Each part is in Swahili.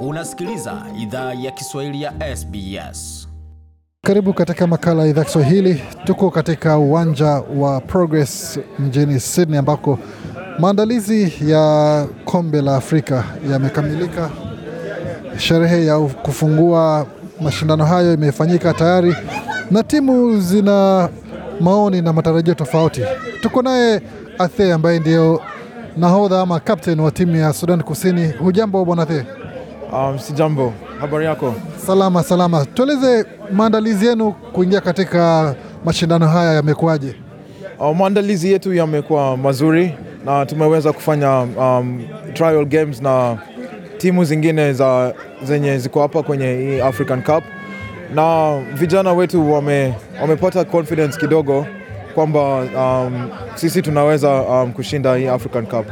Unasikiliza idhaa ya Kiswahili ya SBS. Karibu katika makala ya idhaa Kiswahili. Tuko katika uwanja wa Progress mjini Sydney, ambako maandalizi ya kombe la Afrika yamekamilika. Sherehe ya kufungua mashindano hayo imefanyika tayari na timu zina maoni na matarajio tofauti. Tuko naye Athe ambaye ndio nahodha ama captain wa timu ya Sudan Kusini. Hujambo bwana Athe? Um, si jambo, habari yako? Salama salama. Tueleze maandalizi yenu kuingia katika mashindano haya yamekuwaje? Uh, maandalizi yetu yamekuwa mazuri na tumeweza kufanya um, trial games na timu zingine za zenye ziko hapa kwenye African Cup na vijana wetu wame, wamepata confidence kidogo kwamba um, sisi tunaweza um, kushinda hii African Cup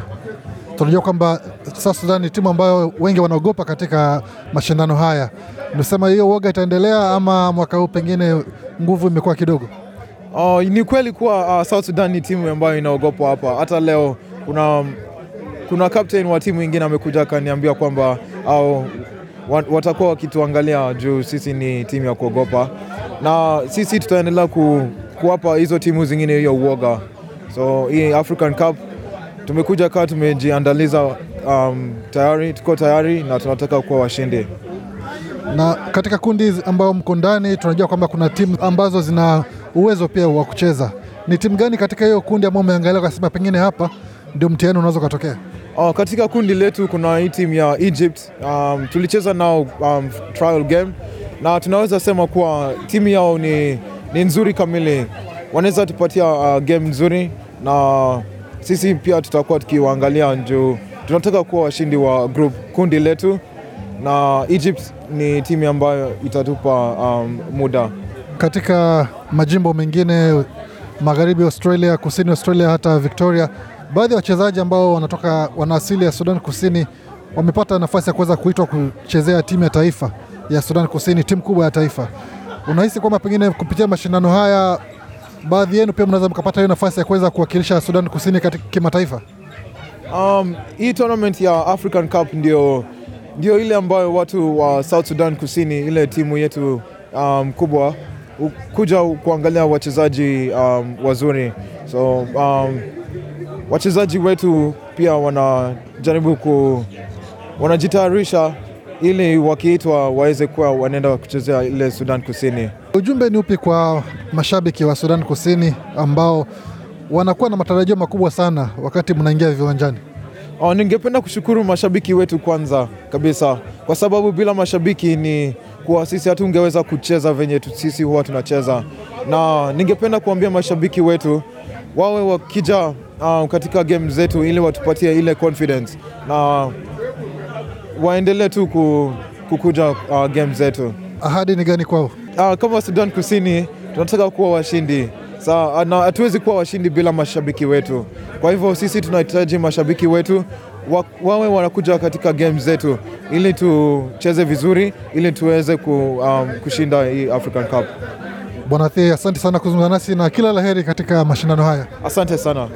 tunajua kwamba South Sudan ni timu ambayo wengi wanaogopa katika mashindano haya. Nimesema hiyo woga itaendelea ama mwaka huu pengine nguvu imekuwa kidogo? Uh, ni kweli kuwa uh, South Sudan ni timu ambayo inaogopwa hapa. Hata leo kuna, kuna captain wa timu ingine amekuja akaniambia kwamba au watakuwa wakituangalia juu sisi ni timu ya kuogopa, na sisi tutaendelea ku, kuwapa hizo timu zingine hiyo uoga. So hii African Cup tumekuja kaa tumejiandaliza, um, tayari tuko tayari na tunataka kuwa washindi. Na katika kundi ambao mko ndani, tunajua kwamba kuna timu ambazo zina uwezo pia wa kucheza. Ni timu gani katika hiyo kundi ambao umeangalia ukasema pengine hapa ndio mtihani unaweza ukatokea? uh, katika kundi letu kuna hii timu ya Egypt. Um, tulicheza nao um, trial game na tunaweza sema kuwa timu yao ni, ni nzuri kamili, wanaweza tupatia uh, game nzuri na sisi pia tutakuwa tukiwaangalia juu tunataka kuwa washindi wa group kundi letu, na Egypt ni timu ambayo itatupa um, muda. Katika majimbo mengine magharibi Australia, kusini Australia, hata Victoria, baadhi ya wachezaji ambao wanatoka wana asili ya Sudan Kusini wamepata nafasi ya kuweza kuitwa kuchezea timu ya taifa ya Sudan Kusini, timu kubwa ya taifa. Unahisi kwamba pengine kupitia mashindano haya baadhi yenu pia mnaweza mkapata hiyo nafasi ya kuweza kuwakilisha Sudan Kusini katika kimataifa? Um, hii tournament ya African Cup ndio, ndio ile ambayo watu wa South Sudan Kusini, ile timu yetu um, kubwa kuja kuangalia wachezaji um, wazuri so um, wachezaji wetu pia wanajaribu ku wanajitayarisha ili wakiitwa waweze kuwa wanaenda kuchezea ile Sudan Kusini. Ujumbe ni upi kwa mashabiki wa Sudan Kusini ambao wanakuwa na matarajio makubwa sana wakati mnaingia viwanjani? Oh, ningependa kushukuru mashabiki wetu kwanza kabisa, kwa sababu bila mashabiki ni kuwa sisi hatungeweza kucheza venye sisi huwa tunacheza, na ningependa kuambia mashabiki wetu wawe wakija uh, katika game zetu ili watupatie ile confidence na waendelee tu ku, kukuja uh, game zetu. Ahadi ni gani kwao? Uh, kama Sudan Kusini tunataka kuwa washindi saa, ah, na hatuwezi kuwa washindi bila mashabiki wetu. Kwa hivyo sisi tunahitaji mashabiki wetu wa, wawe wanakuja katika game zetu ili tucheze vizuri ili tuweze ku, um, kushinda hii African Cup. Bwana Athey, asante sana kuzungumza nasi na kila la heri katika mashindano haya. Asante sana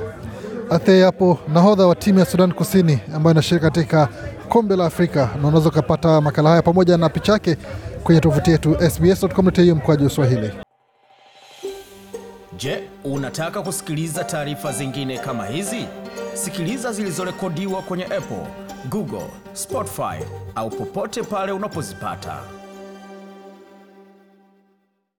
Athey. Hapo nahodha wa timu ya Sudan Kusini ambayo inashiriki katika kombe la Afrika, na unaweza ukapata makala haya pamoja na picha yake kwenye tovuti yetu sbs.com.au mkwaju Swahili. Je, unataka kusikiliza taarifa zingine kama hizi? Sikiliza zilizorekodiwa kwenye Apple, Google, Spotify au popote pale unapozipata.